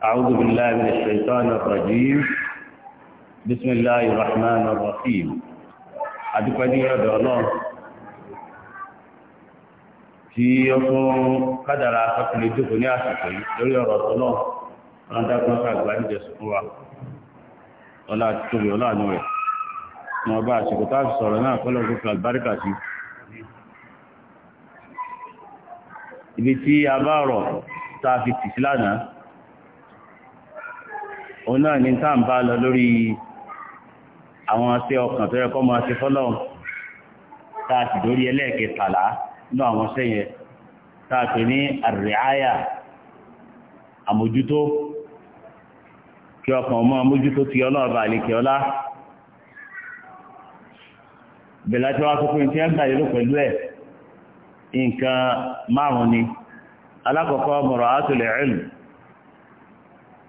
أعوذ بالله من الشيطان الرجيم بسم الله الرحمن الرحيم أدفني يا الله tí ó fún kádàrà akọkùnrin jókòó ní àsìkò yìí lórí ọ̀rọ̀ ọ̀tọ́nà ọ̀nàdàgbọ́n sàgbà ní jẹ̀sùn fún wa ọlá tóbi ọlá àánú rẹ̀ ní ọba àsìkò táàfi sọ̀rọ̀ náà kọ́lọ̀ fún albáríkà sí ibi tí a bá rọ̀ táàfi tì sí lánàá òun náà ní tá ń bá lọ lórí àwọn ṣe ọkàn tó yẹ kọ́ máa ṣe fọ́lọ́hùn tá a sì lórí ẹlẹ́ẹ̀kẹtàlá nínú àwọn ṣe yẹn tá a pè ní àrẹ̀áyà àmójútó kí ọkàn ọmọ àmójútó ti ọlọ́ọ̀bà àlekè ọlá bẹ̀rẹ̀ tí wọ́n á gbà yẹlò pẹ̀lú ẹ̀ nǹkan márùn-ún ni alákọ̀ọ́kọ́ mọ̀rọ̀ àtúlẹ̀ ẹ̀lù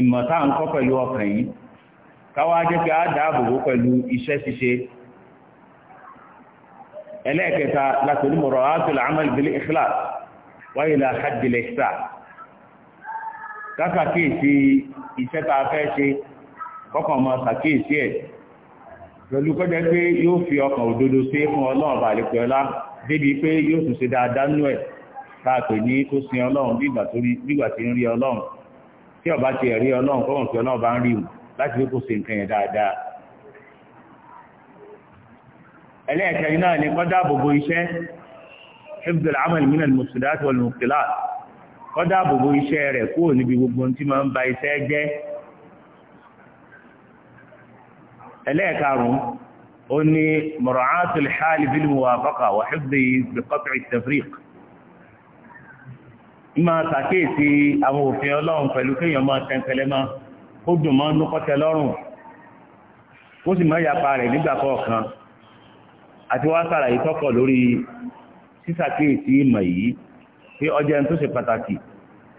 ìmọ̀ tá ń kọ́ pẹ̀lú ọkàn yìí káwàá jẹ́ pé a dáàbòbò pẹ̀lú iṣẹ́ ṣíṣe ẹlẹ́ẹ̀kẹta látòlú mọ̀rọ̀ átòlù amal bil ikhlas wa ila haddil ihsan káka kíyèsí iṣẹ́ tá a fẹ́ ṣe kọ́kàn mọ́ sàkíyèsí ẹ̀ pẹ̀lú kọjá pé yóò fi ọkàn òdodo sí fún ọlọ́run àlèkò ní kó sin ọlọ́run bí ìgbà tí ń rí ọlọ́run tí ọba ti ẹ̀rí ọlọ́run kọ́mọ̀ tí ọlọ́run bá ń rí wù láti fi kó ṣe nǹkan yẹn dáadáa. ẹlẹ́ẹ̀kẹrin náà ni kọ́dá àbòbò iṣẹ́ hifdul amal minal mufsidat wal mubtilat kọ́dá àbòbò iṣẹ́ rẹ̀ kúrò níbi gbogbo tí máa ń ba iṣẹ́ jẹ́. ẹlẹ́ẹ̀karùn-ún ó ní mura'atul hali bil muwafaqa wà hifdhi bi qat'i máa ṣàkíyèsí àwọn òfin ọlọ́run pẹ̀lú kéèyàn máa tẹ́ńpẹ́lẹ́ mọ́ ó dùn mọ́ núkọ́tẹ́ lọ́rùn ó sì máa yapa rẹ̀ nígbà kọ̀ọ̀kan àti wá sàlàyé tọ́kọ̀ lórí sísàkíyèsí ìmọ̀ yìí pé ọjà ẹni tó ṣe pàtàkì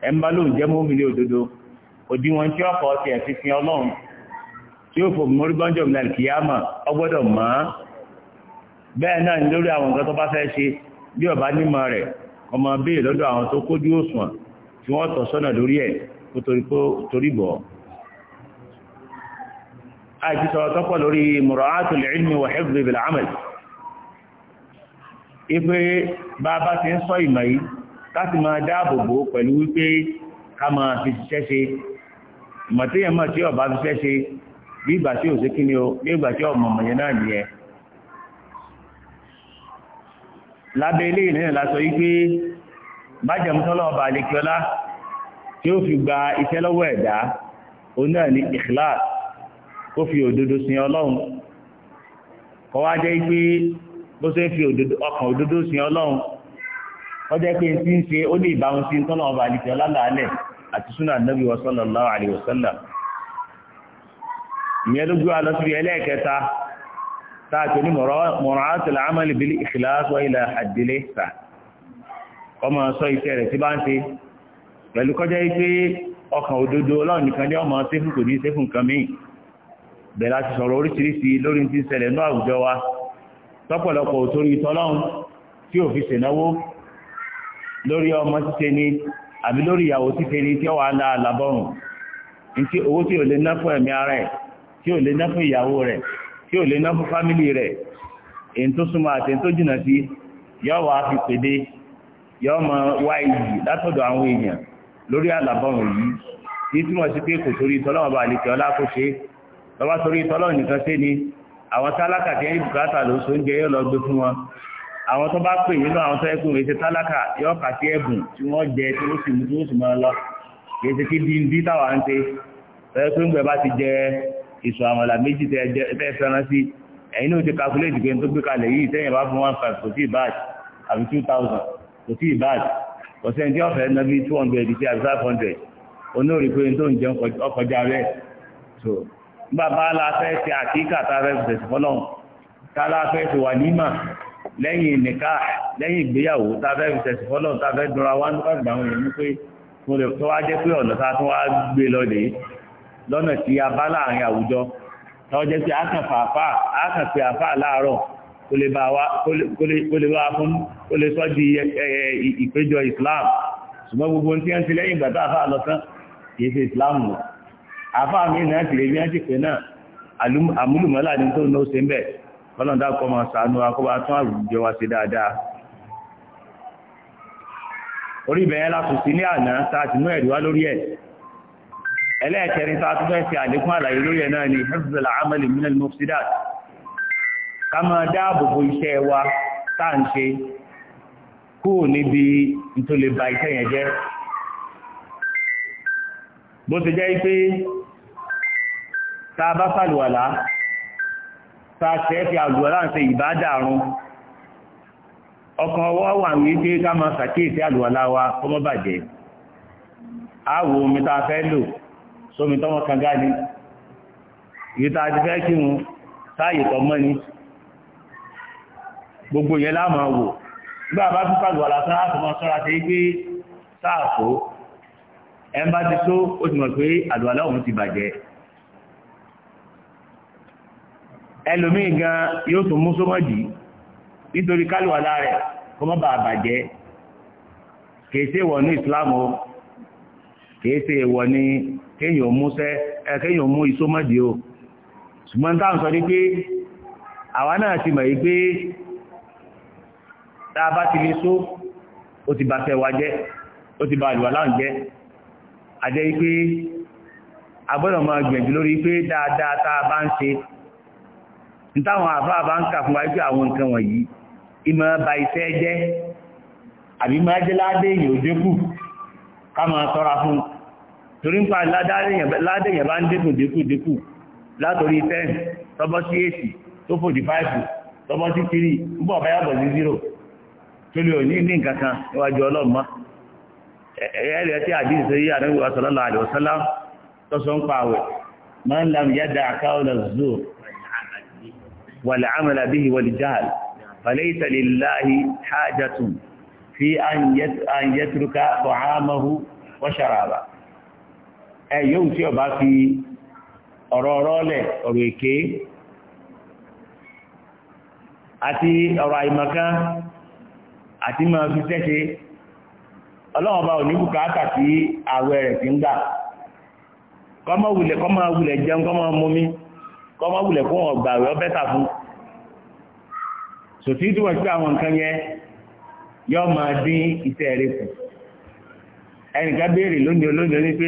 ẹ̀ ń bá lóun jẹ́ mọ́mìnì òdodo òdiwọ̀n tí ọkọ̀ ti ẹ̀ fi sin ọlọ́run tí ó fòmù orí gbọ́njọ́ ìlà kìíyàmà ọgbọ́dọ̀ mọ́ bẹ́ẹ̀ náà lórí àwọn nǹkan tó bá fẹ́ ṣe bí ọba nímọ̀ rẹ̀ ọmọ béè lọ́dọ̀ àwọn tó kójú òṣùwọ̀n tí wọ́n tọ́ sọ́nà lórí ẹ̀ kó torí bọ̀ àti sọ̀rọ̀ tọ́pọ̀ lórí mura'atul ilmi wa hifzi bil amal ipe bá bá ti ń sọ ìmọ̀ yìí láti máa dáàbòbò pẹ̀lú wípé ká bí ìgbà tí ò sí kí ni o bí ìgbà tí ọmọ ọmọ yẹn náà nìyẹn lábẹ́ ilé ìnáyà lásọ yí pé májẹ̀mútọ́lọ́ ọba àlekíọ́lá tí ó fi gba iṣẹ́ lọ́wọ́ ẹ̀dá òun náà ní ikhlas ó fi òdodo sin ọlọ́run kọ́ wá jẹ́ pé bó ṣe ń fi ọkàn òdodo sin ọlọ́run wọ́n jẹ́ pé ti ń ṣe ó lè bá wọn sí tọ́lọ́ ọba àlekíọ́lá làálẹ̀ àti súnà nàbí sallallahu alaihi wasallam ìyẹn ló gbé wa lọ síbi ẹlẹ́ẹ̀kẹta táàtò ní mọ̀ràátìlá àmàlì bí ìṣìláṣọ́ ilẹ̀ àdílé sà ọmọ sọ iṣẹ́ rẹ̀ tí bá ń ṣe pẹ̀lú kọjá pé ọkàn òdodo ọlọ́run nìkan ní ọmọ sẹ́fún kò ní sẹ́fún nǹkan míì bẹ̀rẹ̀ láti sọ̀rọ̀ oríṣiríṣi lórí ti ń ṣẹlẹ̀ ní àwùjọ wa tọ́pọ̀lọpọ̀ òtórí tọ́lọ́run tí ò fi ṣènáwó lórí ọmọ ṣíṣe ni àbí lórí ìyàwó ṣíṣe ni tí ó wà á láàlà bọ́rùn ní owó tí ò lè ná ara ẹ̀ tí ò lè ná fún ìyàwó rẹ̀ tí ò lè ná fún fámílì rẹ̀ èyí tó súnmọ́ àti èyí tó jìnà sí yọ́ wà fi pèdé yọ́ mọ wá iyì látọ̀dọ̀ àwọn èèyàn lórí àlàbọ̀rùn yìí tí túmọ̀ sí pé kò torí tọ́lọ́wọ́ bá lè kẹ́ ọlá kó ṣe lọ́wọ́ torí tọ́lọ́wọ́ nìkan ṣe ni àwọn tálákà tí ẹni bùkátà ló so ń jẹ yóò lọ gbé fún wọn àwọn tó bá pè nínú àwọn tó ẹkùn rèé tálákà yóò kà sí ẹ̀bùn tí wọ́n jẹ tí ó sì mú tí ó sì máa lọ kì í ṣe kí díndín táwa ń ṣe tọ́yẹ́ pé ń gbẹ bá ti jẹ ìṣù àmàlà méjì tẹ́ fẹ́ràn sí ẹ̀yin náà ti calculate pé n tó gbé kalẹ̀ yìí tẹ́yìn bá fún one five kò tí ì bad àbí two thousand kò tí ì bad kò sẹ́yìn tí ọ̀fẹ́ náà bí two hundred sí àbí five hundred onóòrí pé n tó ń jẹun ọkọjá rẹ̀ so nígbà bá la fẹ́ ṣe àkíkà tá a fẹ́ fẹsẹ̀ fọlọ́hún tá a la fẹ́ ṣe wà nímà lẹ́yìn nìka lẹ́yìn ìgbéyàwó tá a fẹ́ fẹsẹ̀ fọlọ́hún tá a fẹ́ dunra wá nípa ìgbà wọn yẹn ní pé tó wá jẹ́ pé ọ̀nà tá a tún wá gbé lọ lè lọ́nà tí a bá láàrin àwùjọ lọ́wọ́ jẹ́ pé a àfà láàárọ̀ kó lè wá fún kó lè sọ di ìpéjọ Islam ṣùgbọ́n gbogbo tí a ti lẹ́yìn ìgbà tá àfà lọ kìí ṣe Islam lọ àfà mi náà bí wọ́n ti pè náà àmúlùmọ́lá ni tó náà ṣe ń bẹ̀ kọ́ máa akọ́bá tún àrùjọ wa ṣe ní àná ẹlẹ́ẹ̀kẹrin tó tún fẹ́ fi àlékún àlàyé lórí ẹ̀ náà ni hifzul amali minal mufsidat ká máa dáàbòbò iṣẹ́ wa táà ń ṣe kúrò níbi tó lè ba iṣẹ́ yẹn jẹ́ bó ti jẹ́ pé tá bá fàlùwàlá tá a fi àlùwàlá ń ṣe ìbádàrún ọkàn ọwọ́ wà ní pé ká máa ṣàkíyèsí àlùwàlá wa kó àwọ̀ omi tá fẹ́ lò sómi tọ́wọ́ kanga ni ìta ti fẹ́ kí wọn sáàyè tọ́ mọ́ ni gbogbo yẹn láàmà wò nígbà bá tún pàgọ́ àlàsán láti mọ sọ́ra sí pé sáàkó ẹ̀ ń bá ti tó ó ti mọ̀ pé àlùwàlá òun ti bàjẹ́ ẹlòmíì gan yóò tún mú sómọ́jì nítorí kálùwàlá rẹ̀ kó mọ́ bàa bàjẹ́ kèése wọ̀ ní ìsìlámù kèése wọ̀ ní kéyàn múṣẹ́ ẹ̀kẹ́yàn mú iṣó mọ́dé o ṣùgbọ́n táà ń sọ ní pé àwa náà ti mọ̀ yí pé táa bá ti lè só ó ti bá tẹwà jẹ́ ó ti bá àlùwà láwọn jẹ́ àjẹ́ yí pé agbọ́dọ̀ máa gbìyànjú lórí pé dáadáa táa bá ń ṣe ní táwọn àfáà bá ń kà fún wa pé àwọn nǹkan wọ̀nyí ìmọ̀ ba iṣẹ́ jẹ́ àbí máa jẹ́ ládé èèyàn ò dínkù ká máa tọ́ra fún torí ń pa ládẹ̀yẹ̀ bá ń látorí 10 tọ́bọ́ sí 8 tó fò di 5 tọ́bọ́ sí 3 ń bọ̀ sí 0 tó lè òní ní nǹkan kan níwájú ọlọ́mọ ẹ̀ẹ́rẹ́ tí àdín sí yí àdúgbò asọ̀lọ́lọ́ àdìọ́sọ́lá tó lam fi ẹ yóò tí ọba fi ọ̀rọ̀ ọ̀rọ̀ ọ̀rọ̀ èké àti ọ̀rọ̀ àìmọ̀kan àti ma fi tẹ́ṣe ọlọ́wọ́n bá òní bùkátà sí àwẹ̀ rẹ̀ ti ń gbà Kọmọ wulẹ̀ kọ́mọ wulẹ̀ jẹun wulẹ̀ fún sòtí àwọn nǹkan yọ dín ẹnìkan béèrè lónìí ní pé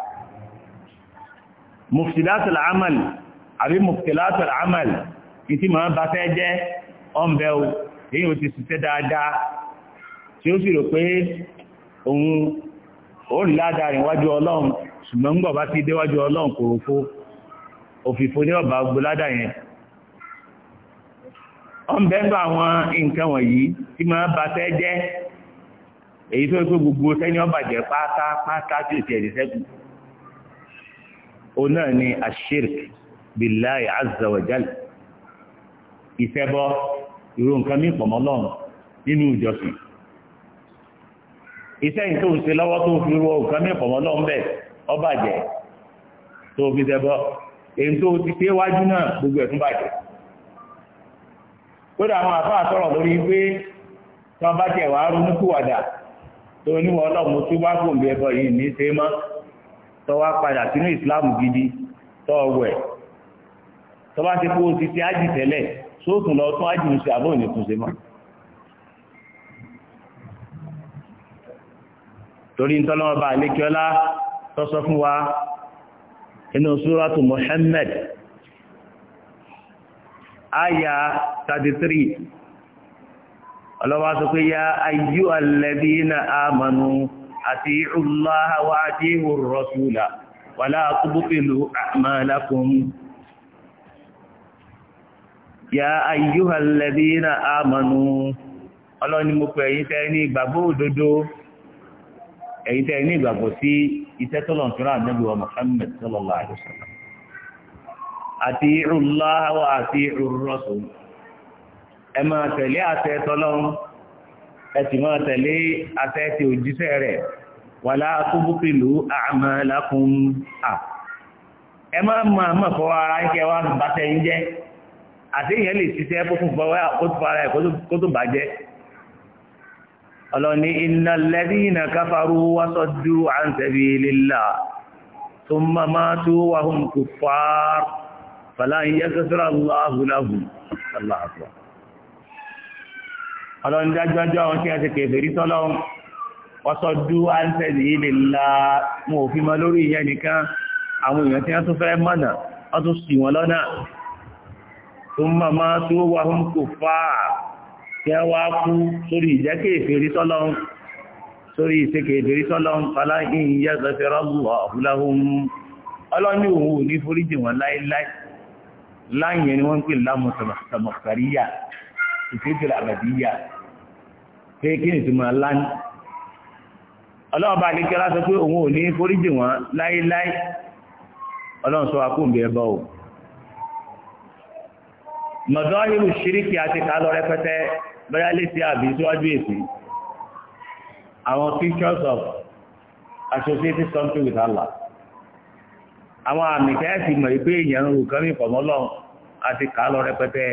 muftilatul amal àbí muftilatul amal ìtí màá bá fẹ́ jẹ́ ọ̀nbẹ o èyí ò ti ṣiṣẹ́ dáadáa tí ó sì rò pé òun ó rí ládàá rìn wájú ọlọ́run ṣùgbọ́n ńgbọ̀ bá ti déwájú ọlọ́run kòròfó òfìfo ní ọ̀bà gboládà yẹn ọ̀nbẹ o náà ni ashirk billahi azza wa jal ìṣẹbọ irú nǹkan mí pọ̀ mọ́lọ́run nínú ìjọsìn iṣẹ́ yìí tó ń ṣe lọ́wọ́ tó fi rọ nǹkan mí pọ̀ mọ́lọ́run bẹ́ẹ̀ ó bàjẹ́ tó fi tó ti ṣe wájú náà gbogbo ẹ̀ tún bàjẹ́ kódà àwọn àfáà sọ̀rọ̀ lórí pé tí wọ́n bá tẹ̀ wá ronúkúwàdà tó níwọ̀ ọlọ́run tó tó wá padà sínú islam gidi tó wẹ̀ tó bá ti kú oṣù tí ájì tẹ́lẹ̀ sóòtún lọ tún ájì ń ṣe àbọ̀ òní tún ṣe mọ́. torí ń tọ́lọ́wọ́ bá àlékiọ́lá tó sọ fún wa inú súrọ́tù Muhammad aya 33 ọlọ́wọ́ sọ pé ya ayyú alladhina amanu أتيعوا الله وأتيعوا الرسول ولا تبطلوا أعمالكم يا أيها الذين آمنوا Ọlọ́run ni mo pè ẹ̀yin tẹ́ ní ìgbàgbọ́ òdodo ẹ̀yin tẹ́ ní ìgbàgbọ́ sí iṣẹ́ tọ́lọ̀n tó rà Ànábì wa Muhammad sallallahu alaihi ẹ̀tì máa tẹ̀lé àtẹ́ẹ̀tì òjíṣẹ́ rẹ̀ wà látúbú pẹ̀lú àmàlákùn à ẹ má máa mọ̀ fọwọ́ ara ń kẹwàá bàtẹ́ ń jẹ́ àti ìyẹn lè ṣiṣẹ́ kó fún fọwọ́ àkótó ara ẹ̀ kó tó bàjẹ́ ọlọ́ni iná lẹ́bí iná káfàrú wásọ́dú àǹtẹ̀bí lílà tó máa máa tó wà kò fàá fàlàyé yẹ́ kẹsìrà lọ́hùn láhùn aláàfọ́ ọlọ́run dájọ́jọ́ ohun tí a ti kèfè rí tọ́lọ́run ọ̀sọ̀dú ánsẹ̀dì ilẹ̀ la mú òfin mọ́ lórí ìyẹn nìkan àwọn èèyàn tí wọ́n tún fẹ́ mọ̀nà wọ́n tún ṣì wọ́n lọ́nà tó mọ̀ máa tó wà fún kò fà á tí wọ́n wá kú sórí ìjẹ́ kèfè rí tọ́lọ́run sórí ìṣe kèfè rí tọ́lọ́run fàlà ìyẹn gbẹ̀fẹ̀rọ̀ ọ̀húnláhùn ọlọ́ni ìfẹ́fẹ́lẹ̀ àbàdíyà pé kí ni ìtumọ̀ ńlá ní ọlọ́ọ̀bá àdékẹ́lá sọ pé òun ò ní foríjì wọn láéláé ọlọ́run sọ akóǹbì ẹbọ o mọ̀dọ́ irú ṣíríkì àti kálọ̀ rẹpẹtẹ bóyá létí àbí síwájú èsì àwọn pictures of associated something with Allah àwọn àmì kẹ́ẹ̀sì mọ̀ pé èèyàn ń rò kán ní ìfọ̀mọ́lọ́run àti kálọ̀ rẹpẹtẹ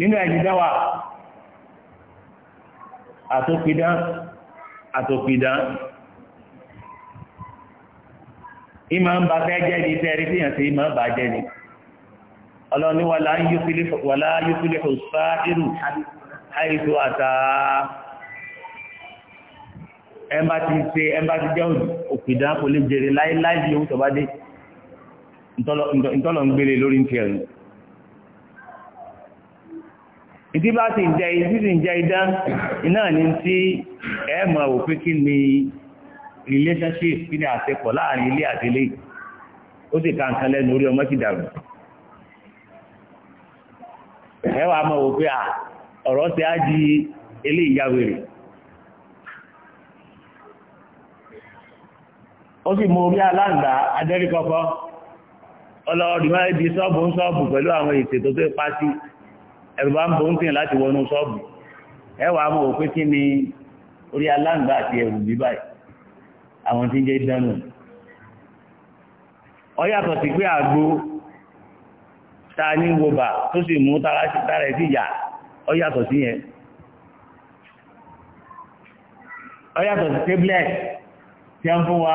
nínú ẹ̀yìn dáwà àtòkìdá àtòkìdá ìmọ̀ ń bá fẹ́ jẹ́ ní tẹ́rí tí yàn sí ìmọ̀ bá jẹ́ ní ọlọ́ni wà láà yúfílẹ̀ òṣùpá irú àìsù àtà ẹmbá ti ṣe ẹmbá ti jẹ́ òkìdá kò lè jèrè láíláí yóò tọ́bá ìtọ́lọ̀ ń gbélé lórí ń tẹ̀rù ìdí bá ti jẹ ìdí jẹ idá iná ní tí ẹ mọ̀ pé kí ni relationship kí ni àṣepọ̀ láàrin ka lẹ́nu orí ọmọ ti ẹ mọ̀ pé ọ̀rọ̀ ti á di ya ó sì orí di sọ́ọ̀bù ń sọ́ọ̀bù pẹ̀lú àwọn tó ẹ̀rùbá ń bọ̀ ń láti wọnú ẹwà mọ̀ òpin kí ni orí aláǹgbá àti ẹ̀rù bíbá àwọn tí ń jẹ́ dánù ọyàtọ̀ sí pé ta ní tó sì mú sí ìyà ọyàtọ̀ wa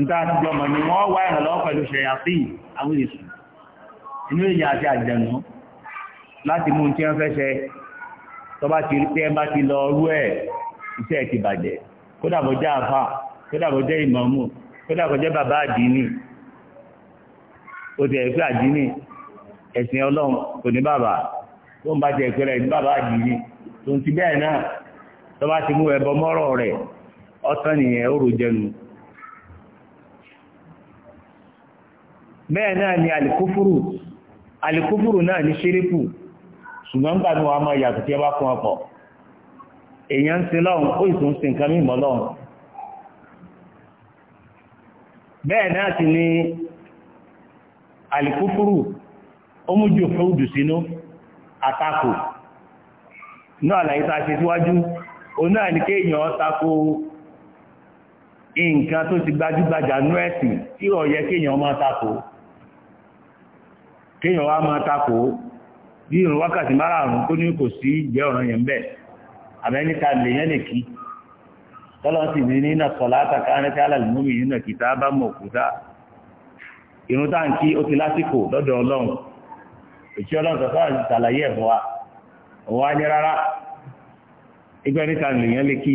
ìdán ni wọ́n wá ìrànlọ́wọ́ pẹ̀lú ṣẹ̀yà sí àwọn inú èèyàn àti àjẹ̀nú láti mú tí wọ́n fẹ́ ṣe tó bá ti pé ẹ bá ti lọ rú ẹ̀ iṣẹ́ ti bàjẹ́ kódà jẹ́ àfà kódà bó jẹ́ ìmọ̀ọ́mù kódà bó jẹ́ bàbá àdínì ó ẹ̀fẹ́ àdínì ẹ̀sìn ọlọ́run kò ní bàbá ti bẹ́ẹ̀ náà ni àlìkúfúrú alikúfùrù náà ní ṣíríkù ṣùgbọ́n gbà ní wàá máa yàtọ̀ tí ẹ bá kún ọkọ̀ èèyàn ń sin lọ́hùn ó ìtún sin nǹkan mímọ́ lọ́hùn bẹ́ẹ̀ náà ti ní alikúfùrù ó mú jù fúrúdù sínú àtakò náà láyé tá a ṣe síwájú òun náà ní kéèyàn tako nǹkan tó ti gbajúgbajà nú ẹ̀sìn tí ó kéèyàn máa tako kéèyàn wá máa tako bí ìrùn wákàtí ọrụ tó ní kò sí ìjẹ́ ọ̀ràn yẹn bẹ́ẹ̀ lè yẹn lè kí tọ́lọ́ sì ní nínà sọ̀lá àtàkà rẹ́tí alàlùmọ́mì nínà kìtà bá mọ̀ òkúta ìrùn táǹkì ó ti lásìkò lọ́dọ̀ ọlọ́run ọlọ́run àti sàlàyé ẹ̀fọ́ wa òun á ní rárá lè yẹn lè kí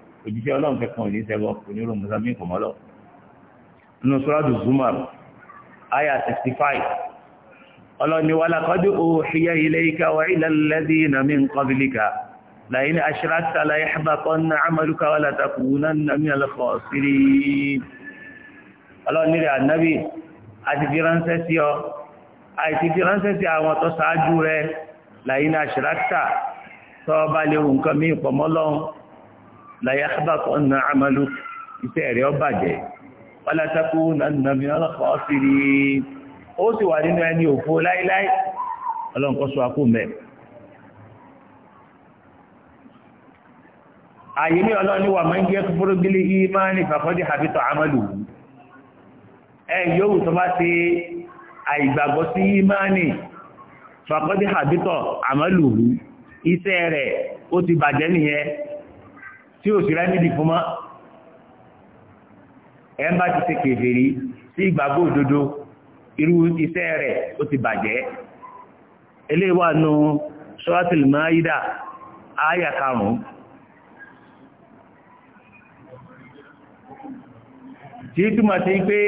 òjíṣẹ́ ọlọ́run kẹkàn òní sẹ́bọ kò ní rò mùsàmí kò mọ́lọ́ nínú sọ́rọ́dù Zumar aya 65 ọlọ́ni wà lákọ́dí òhìyà ilayka wa ila alladhina min qablika la'in ashrakta la yahbatanna 'amaluka wa la takunanna minal khasirin láyé àbàkọ́ na àmàlù iṣẹ́ rẹ̀ ọ bàjẹ́ pálátákó nàmì ọlọ́kọ̀ ọ́sìrì ó sì wà nínú ẹni òfo láíláí ọlọ́nkọ́ sọ akó mẹ́. ààyè ní ọlọ́ni wà máa ń jẹ́ fúrúgílì ìmáàní fàkọ́dí àbítọ̀ àmàlù ẹ yóò tó bá ti àìgbàgbọ́ sí ìmáàní fàkọ́dí àbítọ̀ àmàlù iṣẹ́ rẹ̀ ó ti bàjẹ́ nìyẹn tí ò sí rẹ́mídì fún mọ́ ẹ ń bá ti ṣe kèfèrí sí ìgbàgbọ́ òdodo irú iṣẹ́ rẹ̀ ó ti bàjẹ́ eléyìí wà nù suratul Maida ááyà karùn-ún tí túmọ̀ sí pé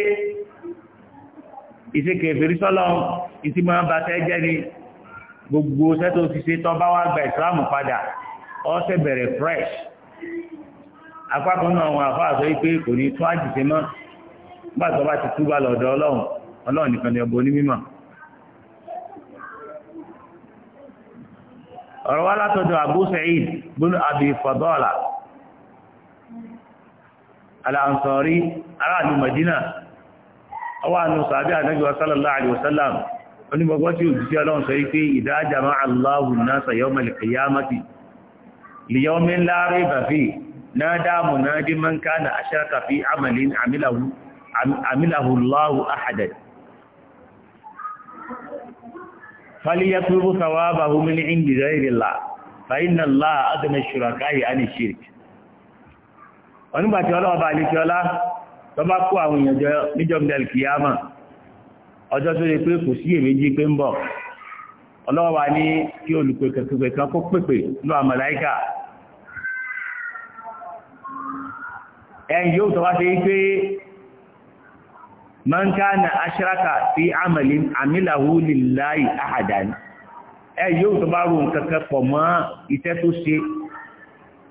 ìṣèkè ìfèrí sọ́lọ́ ìtí máa ń ba tẹ́ jẹ́ ni gbogbo sẹ́tò ti tọ́ bá wá gba ìsìlámù padà ọ́ bẹ̀rẹ̀ fresh apákan náà wọn àfa àsọ yìí pé kò ní tún àjìṣe mọ́ nígbà tó bá ti tú bá lọ́dọ̀ ọlọ́run ọlọ́run nìkan ni ọba onímọ̀. ọ̀rọ̀ wa látọ̀dọ̀ Abu Sa'id bin Abi Fadala al-Ansari aráàlú Madina ọwọ́ àánú sàbí àdájọ́ sallallahu alayhi wa sallam onígbàgbọ́ tí ọlọ́run sọ wípé idha jama'a Allahu an-nasa yawma al-qiyamati nada munadi man kana ashraka fi amalin amilahu amilahu Allahu ahadan falyatlubu thawabahu min indi ghayri Allah fa inna Allah adna shuraka'i an shirk wọ́n gbà tí Ọlọ́run bá lè kí ọlá tó bá kó àwọn èèyàn jọ níjọ́ mdel kiyama ọjọ́ tó lè pé kò sí èméjì pé ń bọ̀ Ọlọ́run ní kí olùpẹ̀kẹ̀kẹ̀ kan kó pèpè lọ àmàláíkà ẹ̀yìn yóò tọ́wá sí pé na aṣíraka sí àmàlì àmìlàwò lìláì àhàdàní ẹ̀yìn yóò tọ́wá rò kankan pọ̀ mọ́ iṣẹ́ tó ṣe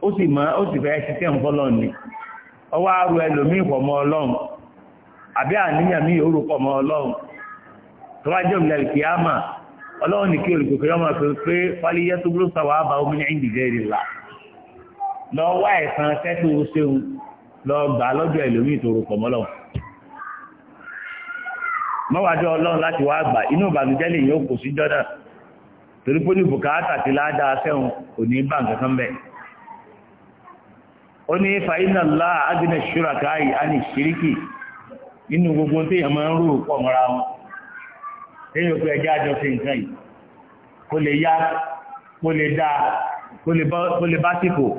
ó sì mọ́ ó sì fẹ́ ṣiṣẹ́ ń fọ́lọ́ ni ọwọ́ àrò ẹlòmíì pọ̀ mọ́ ọlọ́run àbí àníyàn mi pọ̀ mọ́ ọlọ́run tó jẹ́ òmìnira ìkìyàmà ọlọ́run ní kí ọmọ lọ gbà lọ́jọ́ ẹlòmíì tó rò pọ̀ mọ́ mọ́wájú ọlọ́run láti wá gbà inú ìbànújẹ́ lè yóò kò sí jọ́nà torí pé ní bùkátà ti ládàá sẹ́wọ̀n kò ní bá nǹkan kan bẹ́ẹ̀ ó ní láà ágbìnà ní gbogbo máa ń pọ̀ mọ́ra wọn ẹjẹ́ àjọ fi nǹkan yìí kó lè yá kó lè dáa kó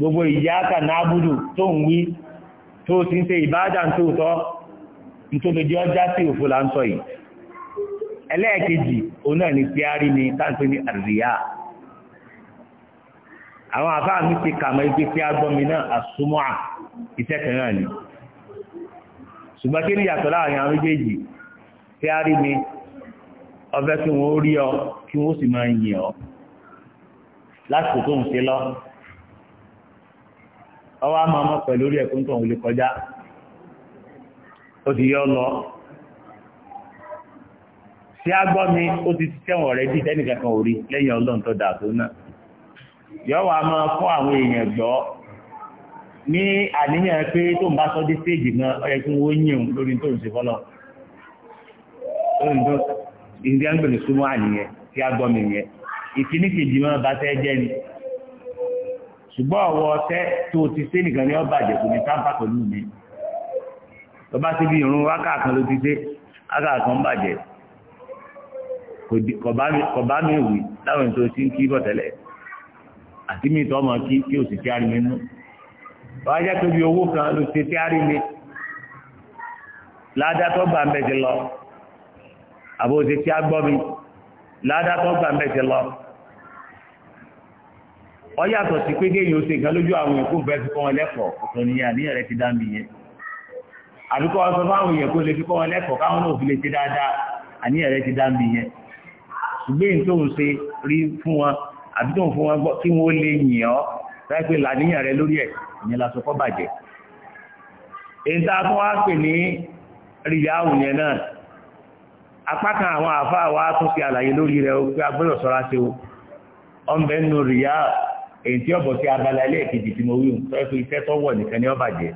gbogbo ìyáka náàbùdù tó ń wí tó ti ń ṣe ìbádà tó tọ́ nítorí ọjá sí òfò láńsọ yìí ẹlẹ́ẹ̀kejì òun ni tí a ni ní àríyá àwọn àfáà mi ti kàmọ́ ibi tí a gbọ́ mi náà àsúmọ́ à iṣẹ́ náà ni ṣùgbọ́n kí yàtọ̀ láàrin mi kí wọ́n rí ọ kí wọ́n sì máa yìn ọ tó lọ ọwọ́ a máa mọ́ pẹ̀lú orí ẹ̀kún tó ń lè kọjá ó ti yọ lọ sí agbọ́ mi ó ti tẹ̀wọ̀n rẹ̀ bí tẹ́nìkankan ò rí lẹ́yìn ọlọ́run tó dà tó náà yọ wà máa kọ́ àwọn èèyàn gbọ́ ní àníyàn pé tó ń bá sọ dé stéèjì náà ó yẹ kí wọ́n yìn lórí tó ń ṣe fọ́lọ́ ìdí súnmọ́ àníyàn sí agbọ́ mi yẹn ìkíní máa bá tẹ́ jẹ́ ni ṣùgbọ́n ọ̀wọ́ ọtẹ́ tó ti ṣe nìkan ní ọba àjẹ̀kù ní tábà pẹ̀lú mi tó bá ti bí irun wákà kan ló ti ṣe wákà kan bàjẹ́ kò bá mi wì láwọn ètò tí ń kí bọ̀ tẹ́lẹ̀ àti mi tọ́ ọmọ kí kí òsì tí a rí mi nú wọ́n á jẹ́ pé bí owó kan ló ṣe tí a rí mi ládàtọ̀ gbà mẹ́tẹ̀ lọ àbò ṣe tí a gbọ́ mi ládàtọ̀ gbà mẹ́tẹ̀ lọ ọyàtọ̀ sí pé kéèyàn ó ṣe nǹkan lójú àwọn èèyàn kó bẹ́ẹ̀ fi kọ́ wọn lẹ́kọ̀ọ́ ọ̀tọ̀ nìyẹn àníyàn rẹ ti dá mi yẹn àbí kọ́ ọ sọ fáwọn èèyàn kó lè fi kọ́ wọn lẹ́kọ̀ọ́ káwọn náà fi lè ṣe dáadáa àníyàn rẹ ti dá mi yẹn ṣùgbọ́n èyí tó ń ṣe rí fún wọn àbí tó ń fún wọn gbọ́ kí wọ́n lè yìn ọ́ láì pé làníyàn rẹ lórí ẹ̀ ìyẹn la sọ kọ́ bàjẹ́ èyí tá a tún wá pè ní èyí tí ọ̀bọ̀ sí abala ilé ìkejì tí mo wí òun iṣẹ́ tó wọ̀ nìkan ní ọba jẹ́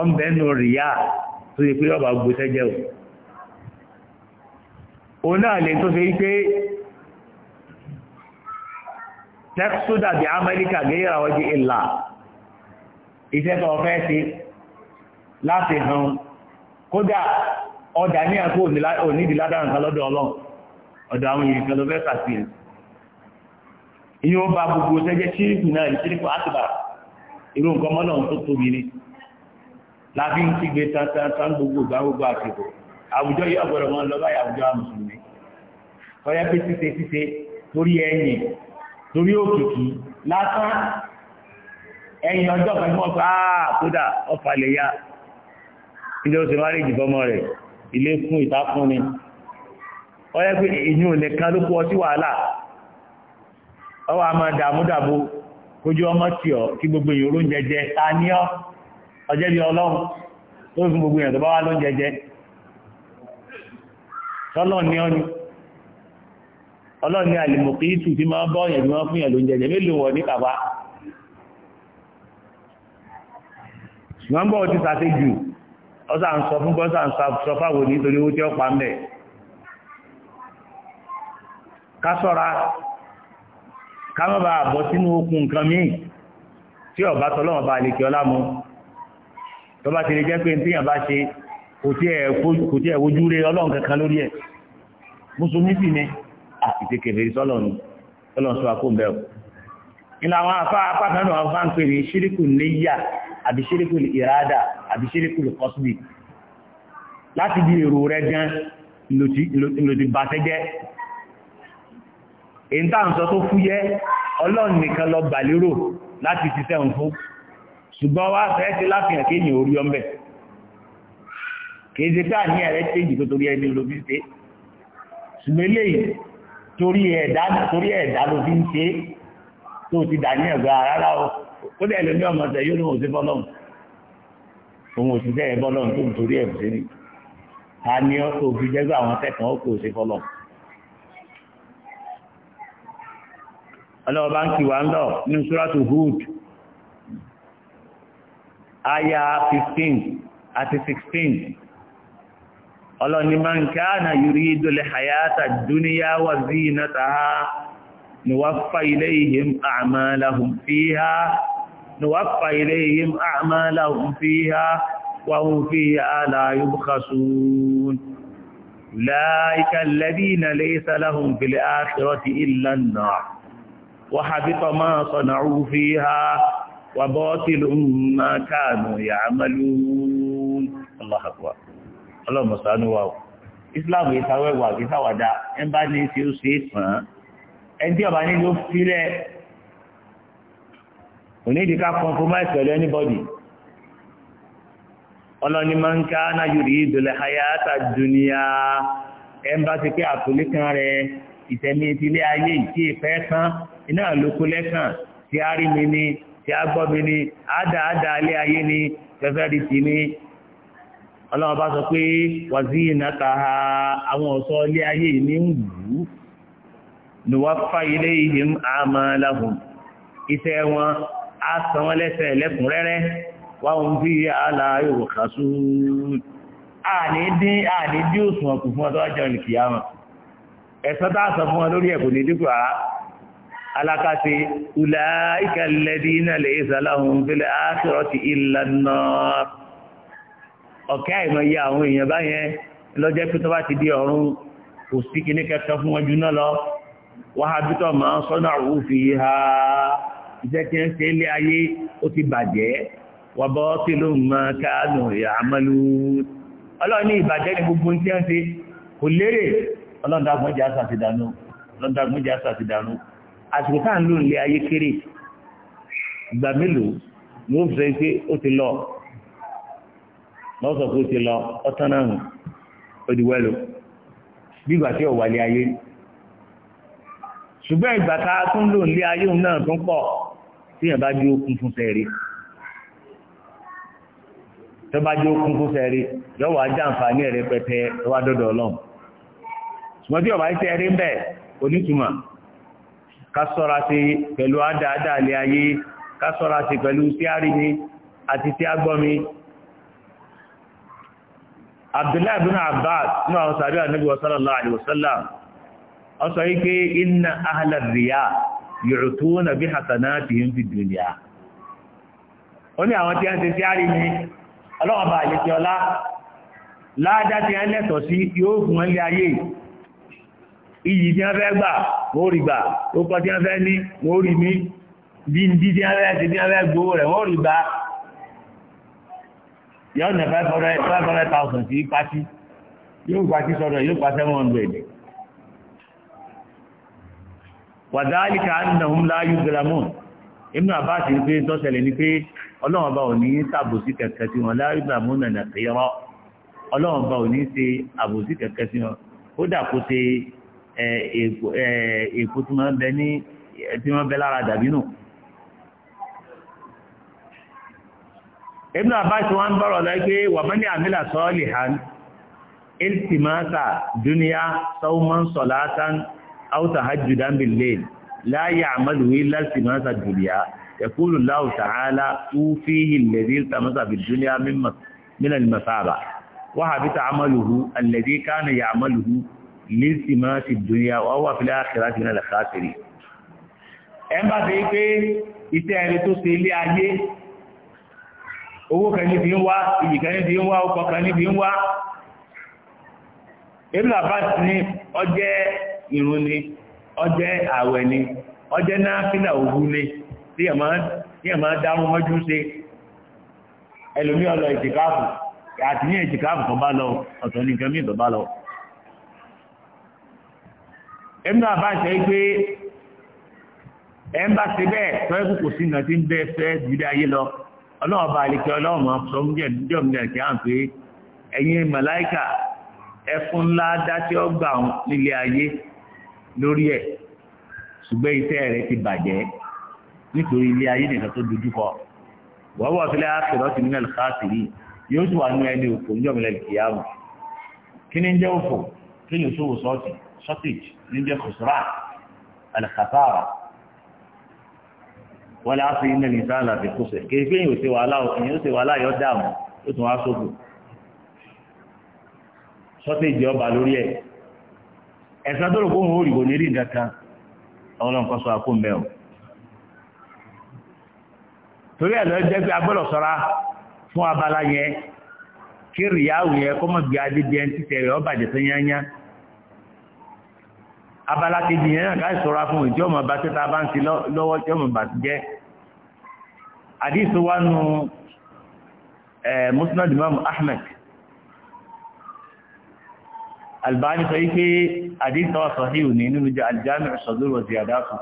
ọ̀nbẹ́nu rìyà tó yẹ pé ọba gbogbo sẹ́jẹ́ o náà lè tó fi pé bí amẹ́ríkà ìlà iṣẹ́ tó sí láti ìyẹn ó ba gbogbo sẹ́jẹ́ ṣíríkù náà ní ṣíríkù àtìbà irú nǹkan mọ́ náà tó tóbi ni láti ń kígbe tantan gbogbo ìgbà gbogbo àsìkò àwùjọ yìí ọ̀gbọ̀dọ̀ wọn lọ báyìí àwùjọ àmùsùlùmí ọ̀yẹ́ pé ṣíṣe ṣíṣe torí ẹ̀yìn torí òkìkí lásán ẹ̀yìn ọjọ́ kan tí wọ́n fẹ́ àà kódà ọ̀fà lè ya ilé oṣù máa rí ìjìbọmọ rẹ̀ ilé fún ìtakùnrin ọ̀yẹ́ pé ìyún nìkan ló kọ́ sí wàhálà ọwọ́ a máa kójú ọmọ tì ọ kí gbogbo èèyàn ló ń jẹjẹ ta ní ọ ọjẹ́ bí ọlọ́run tó gbogbo èèyàn tó bá wá ló ń jẹjẹ ọlọ́run ní àlèmọ̀kì ìtù tí máa bọ́ ọ̀yàn tí wọ́n fún yàn ló ń jẹjẹ mélòó ní jù ń sọ fún bọ́sà ń sọ fáwọn nítorí owó tí ká má bàa bọ́ sínú okùn nǹkan míì tí ọba tọ́lọ́wọ́n bá lè kí ọlá mu tó bá ti lè jẹ́ pé téèyàn bá ṣe kò tí ẹ̀ wojú rẹ ọlọ́run kankan lórí ẹ̀ mùsùlùmí sì ni àti kèfèrí sọ́lọ̀ ni sọ àkó bẹ́ẹ̀ ìlà àwọn afá apákanú àwọn afá ń pè ní ṣíríkù níyà àbí ṣíríkù ìrádà àbí ṣíríkù kọ́sìbì láti di èrò rẹ gan lòdì bàtẹ́jẹ́ èyí tá à ń sọ tó fúyẹ́ ọlọ́run nìkan lọ gbà lérò láti ti sẹ́hùn fún ṣùgbọ́n wá fẹ́ ti láfihàn kéèyàn orí ọmọbẹ̀ kìí ṣe pé àní ẹ̀rẹ́ tèjì tó torí ẹni ló fi ṣe ṣùgbọ́n eléyìí torí ẹ̀dá torí ẹ̀dá ló fi ń ṣe tó ti dà ní ẹ̀gbẹ́ rárá o kó dẹ̀ lómi ọmọ ọ̀sẹ̀ yóò lóun ṣe bọ́lọ́run òun ò sì fẹ́ ẹ̀ tó ń torí ẹ̀ ṣe ni ọlọ́ọ̀bá ń kìwà ń lọ ní ṣúrátù Hud aya 15 àti 16 ọlọ́ni man kana yuridu al-hayata ad-dunya wa zinataha nuwaffa ilayhim a'malahum fiha nuwaffa ilayhim a'malahum fiha wa hum fiha la yubkhasun ulaika alladhina laysa lahum fil akhirati illa an-nar وحبط ما صنعوا فيها وباطل ما كانوا يعملون الله أكبر اللهم صل واو islam yìí sáwẹ́ wà kí sáwàdá ẹ bá ní tí ó ṣe é tàn compromise anybody ọlọ́ni ma ń ká náà yóò ìdòlẹ̀ hayata duniya ẹ ti pé àtòlé kan rẹ iná àlòkù lẹ́kàn tí a rí mi ní tí a gbọ́ mi ní àádáadáa alẹ́ ayé ní fẹ́fẹ́ rí ti ní ọlọ́run bá sọ pé wàzí ìnáka àwọn ọ̀ṣọ́ ilé ayé ní ń wù ú ni wọ́n fá ilé ìhìm àmà láhùn iṣẹ́ wọn á san wọ́n lẹ́sẹ̀ lẹ́kùnrẹ́rẹ́ wọ́n ń àlà yóò kà sùn àní dín òṣùwọ̀n kù fún ọdọ́ àjọ ìkìyà ẹ̀sán tá a sọ fún wọn lórí ẹ̀kọ́ ní dínkù àá alákàtí ulẹ̀ ìkẹlẹ́dí iná lè ìsàláhùn fílẹ̀ áṣírọ́tì ìlànà ọ̀kẹ́ àìmọye àwọn èèyàn báyẹn lọ́jẹ́ pé tó bá ti di ọ̀run kò sí kí ní kẹta fún wọn jùná lọ wáhábítọ̀ máa ń sọ́nà òfin ha iṣẹ́ tí ń ṣe ilé ayé ó ti bàjẹ́ wàbọ́ tí ló ń mọ káàdùn ìyàmọ́lú ọlọ́ọ̀ni ìbàjẹ́ ni gbogbo ń ṣe kò lérè ọlọ́ndàgbọ́njẹ́ àṣà ti dànù àsìkò tá à ń lò nílé ayé kéré ìgbà mélòó ni ó fi sọ pé ó ti lọ lọ́sọ̀ pé ó ti lọ ọ̀tán náà ó di wẹ́lò bí ìgbà tí ò wálé ayé ṣùgbọ́n ìgbà tá a tún lò nílé ayé òun náà tún pọ̀ tí yẹn bá jó kún fún sẹ́ẹ̀rí tó bá jó kún fún sẹ́ẹ̀rí yọ̀wọ̀ ajá àǹfààní ẹ̀rẹ́ pẹpẹ tó wá dọ́dọ̀ ọlọ́run ṣùgbọ́n tí ọ̀bá ń sẹ́ẹ̀rí ń bẹ̀ onítùmọ̀ kásọ́ra sí pẹ̀lú àdáadáalẹ̀ ayé kásọ́ra sí pẹ̀lú tí a rí mi àti tí a gbọ́ mi abdullahi bin abbas ní àwọn sàbí ànábì sallallahu alaihi wasallam ọ sọ wípé inna ahla riya yu'tuna bi hasanatihim fid dunya ó ní àwọn tí a ń iyì tí wọ́n fẹ́ gbà wọ́n rí gbà orúkọ tí wọ́n fẹ́ ní wọ́n rí ní díndí tí a fẹ́ ti tí wọ́n fẹ́ gbowó rẹ̀ wọ́n rí gbà yọ ní five hundred five hundred thousand sí pati yóò pati sọ̀rọ̀ yóò pa seven hundred wàdáàlìkà annahum la yuzlamun ibn abbas ní pé tó ṣẹlẹ̀ ní pé ọlọ́run ọba ò ní tàbòsí kẹ̀kẹ́ tí wọn la yuzlamuna nàkẹ́rọ ọlọ́run ọba ò ní ṣe àbòsí kẹ̀kẹ́ tí wọn ó dà kó ṣe èkó tí wọ́n bẹ ní tí wọ́n bẹ lára dàbínù Ibn Abbas wọ́n bọ̀rọ̀ lẹ́gbẹ́ wà mọ́ ní àmìlà sọ́ọ̀lì hàn iltimasa duniya sauman salatan aw tahajjudan bil layl la ya'malu illa iltimasa duniya يقول الله تعالى توفيه الذي التمس lísì máa ti dúnyà wà wà fílẹ̀ àṣírá ti nílẹ̀ káàkiri ẹ bá fi pé iṣẹ́ ẹni tó ṣe ilé ayé owó kan níbi ń wá iyì kan níbi ń wá ọkọ̀ kan níbi ń wá ebi labas ní ọjẹ́ irun ni ọjẹ́ àwẹ̀ ni ọjẹ́ náà fílà òwú ni tí ẹ̀ máa dárún mọ́jú ṣe ẹlòmí ọlọ ìtìkáàfù àti ní ìtìkáàfù kan bá lọ ọ̀tọ̀ nìkan mí ìtọ̀ bá lọ ẹ̀mdà bá ṣe pé ẹ̀mbà ṣe bẹ́ẹ̀ tọ́ ẹ̀kù kò sí nǹkan tí ń bẹ́ fẹ́ jùlẹ̀ ayé lọ ọlọ́run bá lè kí ọlọ́run sọ ń jẹ́ ìdíjọ́ mi kí á ń pé ẹ̀yin màláìkà ẹfun ńlá dá tí ó gbà nílé ayé lórí ẹ̀ ṣùgbọ́n iṣẹ́ rẹ̀ ti bàjẹ́ nítorí ilé ayé nìkan tó dojú kọ wọ́wọ́ sílẹ̀ àṣírọ́ ti nílẹ̀ káàkiri yóò sì wà nú ẹni òfò níjọ́ mi lẹ́lẹ̀ kí ni ń jẹ́ òfò kí ni ìṣòwò sọ́ọ̀tì shortage níjẹ́ kòsùrà الخسارة ولا lè إن fi iná بخسر àlàbí kòsẹ̀ kì í pé èyàn ò ṣe wàhálà òfin ó ṣe wàhálà yọ dààmú ó tún wá sóbò shortage ọba lórí ẹ̀ ẹ̀sán tó rò kó òun ò rí kò ní rí nǹkan kan sọ àkóńbẹ́ o torí ẹ̀ jẹ́ pé agbọ́dọ̀ ṣọ́ra fún abala yẹn kí rìyáwó yẹn kọ́mọ̀ gbé adé bí títẹ̀ rẹ̀ ọ tó yányá abala kejì yẹn náà káì sọ́ra fún ìjọ ọmọ bá tẹ́ta bá ń ti lọ́wọ́ tí ọmọ bá ti jẹ́ àdíṣò wá nu musnad imam ahmed albani sọ yí pé àdíṣò wà sọ̀híù ní nínú jẹ́ aljami ṣọ̀dúr wa ziyadatu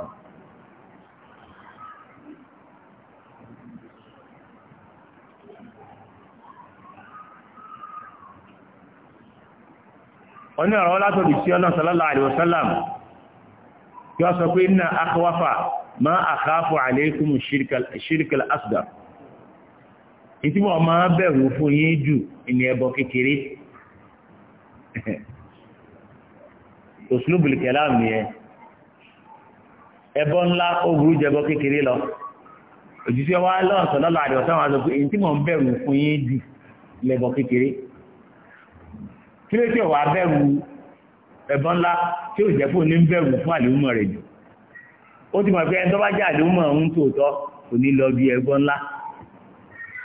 oní ọ̀rọ̀ látọ̀bí sí ọlọ́sọ̀lọ́lá àdìwọ̀sọ́lámù yọ sọ pé inna akhwafa ma akhafu alaykum shirkal asghar ìtí wọn máa bẹ̀rù fún yí jù ní ẹbọ kékeré uslubul ẹbọ ńlá ó jẹbọ kékeré lọ òjíṣẹ́ wa lọ́n sọ pé bẹ̀rù fún jù kékeré kí tí bẹ̀rù ẹ̀bọ́n ńlá tí ò jẹ́ fún ní bẹ̀rù fún àlèhùmọ̀ rẹ̀ jù ó ti mọ̀ pé ẹni tó bá jẹ́ àlèhùmọ̀ ń tòótọ́ kò ní lọ bí ẹ̀bọ́n ńlá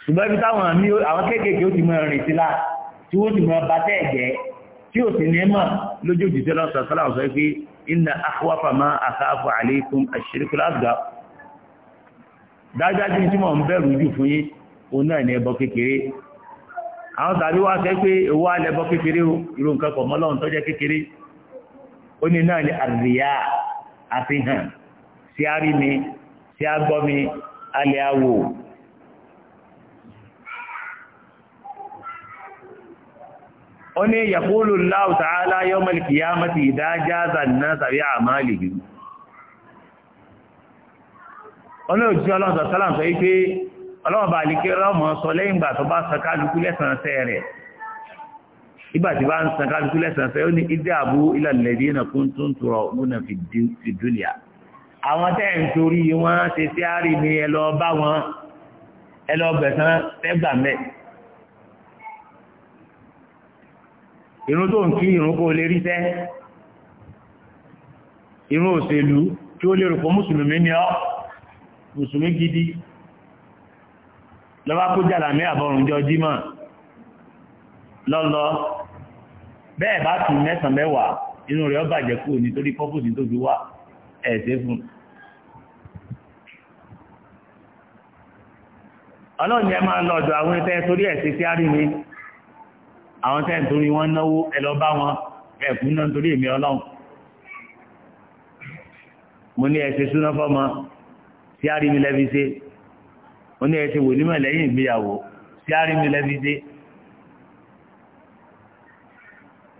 ṣùgbọ́n ibi táwọn àmì àwọn kéékèèké ó ti mọ rìn sí la tí ó ti mọ bá tẹ́ ẹ̀jẹ̀ tí ò sì ní mọ̀ lójú òjìṣẹ́ lọ́sọ̀ sọ́lá sọ pé inna akhwafa ma akhafu alaykum àwọn tàbí wá sẹ́ pé èwo alẹ́bọ kékeré o irú nǹkan pọ̀ kékeré ó ní náà ni àríyá àfihàn sí àrí mi sí àgbọ́ mi alẹ́ àwò ó ní yàkúlù Allahu ta'ala yawmal qiyamati idha jaza an-nas bi a'malihim ọlọ́ọ̀jú ọlọ́ọ̀sọ̀ sálàmù sọ wípé ọlọ́ọ̀bà àlìkẹ́ rọ́mọ̀ sọ lẹ́yìn ìgbà tó bá sọ kálukú lẹ́sàn-án sẹ́rẹ̀ẹ́ ìgbà tí bá ń san kálukú lẹ́sàn fẹ́ ó ní ìdí àbú ìlàlẹ́dí náà kún tó ń tọrọ múnà fi dúnìá àwọn tẹ́ ń torí wọn ṣe sí àárín ni ẹ lọ bá wọn ẹ lọ gbẹ̀sán tẹ́gbà mẹ́. irun tó ń kí irun kó lè rí sẹ́ irun òṣèlú tí ó lè rò pọ̀ mùsùlùmí ni ọ́ mùsùlùmí gidi lọ́wọ́ kó jàlámẹ́ àbọ̀rùn jọ jímọ̀ lọ́lọ́ bẹ́ẹ̀ bá tún mẹ́sàn mẹ́wàá inú rẹ̀ ó bàjẹ́ kú nítorí pọ́pùsì tó fi wá ẹ̀ẹ́sẹ́ fún ọlọ́ọ̀ni ẹ máa lọ́dọ̀ àwọn ẹ̀tẹ́ torí ẹ̀sẹ̀ sí àríwé àwọn tẹ́ torí wọn náwó ẹlọ bá wọn ẹ̀kún náà torí èmi ọlọ́run mo ní ẹ̀sẹ̀ súná fọ́mọ sí àríwé lẹ́fi ṣe mo ní ẹ̀sẹ̀ wòlímọ̀ lẹ́yìn ìgbéyàwó sí àríwé lẹ́fi ṣe